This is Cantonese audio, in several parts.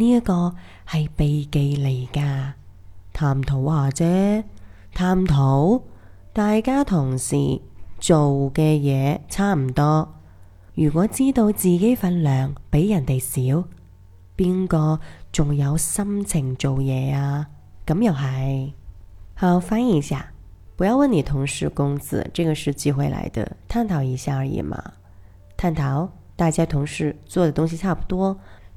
呢一個係避忌嚟噶，探討下啫。探討，大家同事做嘅嘢差唔多。如果知道自己份糧比人哋少，邊個仲有心情做嘢啊？咁又係。好，翻譯一下。不要問你同事工資，這個是忌諱來的，探討一下而已嘛。探討，大家同事做的東西差不多。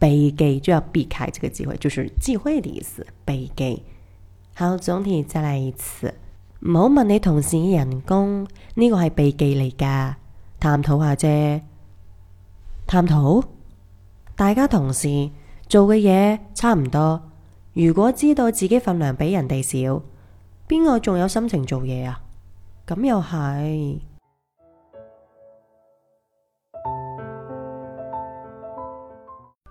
避忌就要避開這個機會，就是忌諱的意思。避忌，好，總體再嚟一次，唔好問你同事人工，呢個係避忌嚟噶，探討下啫。探討，大家同事做嘅嘢差唔多，如果知道自己份糧比人哋少，邊個仲有心情做嘢啊？咁又係。